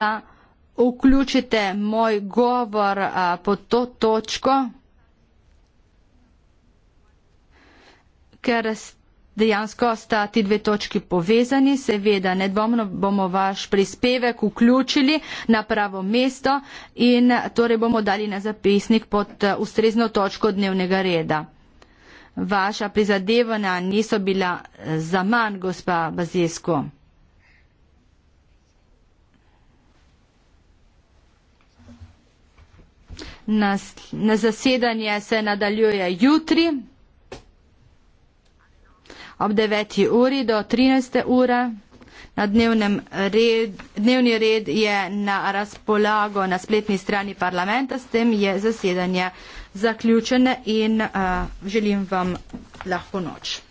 da vključite moj govor a, pod to točko, ker dejansko sta ti dve točki povezani. Seveda, nedvomno bomo vaš prispevek vključili na pravo mesto in torej bomo dali na zapisnik pod ustrezno točko dnevnega reda. Vaša prizadevanja niso bila za manj, gospa Bazesko. na, na zasedanje se nadaljuje jutri ob 9. uri do 13. ura. Na red, dnevni red je na razpolago na spletni strani parlamenta, s tem je zasedanje zaključene in uh, želim vam lahko noč.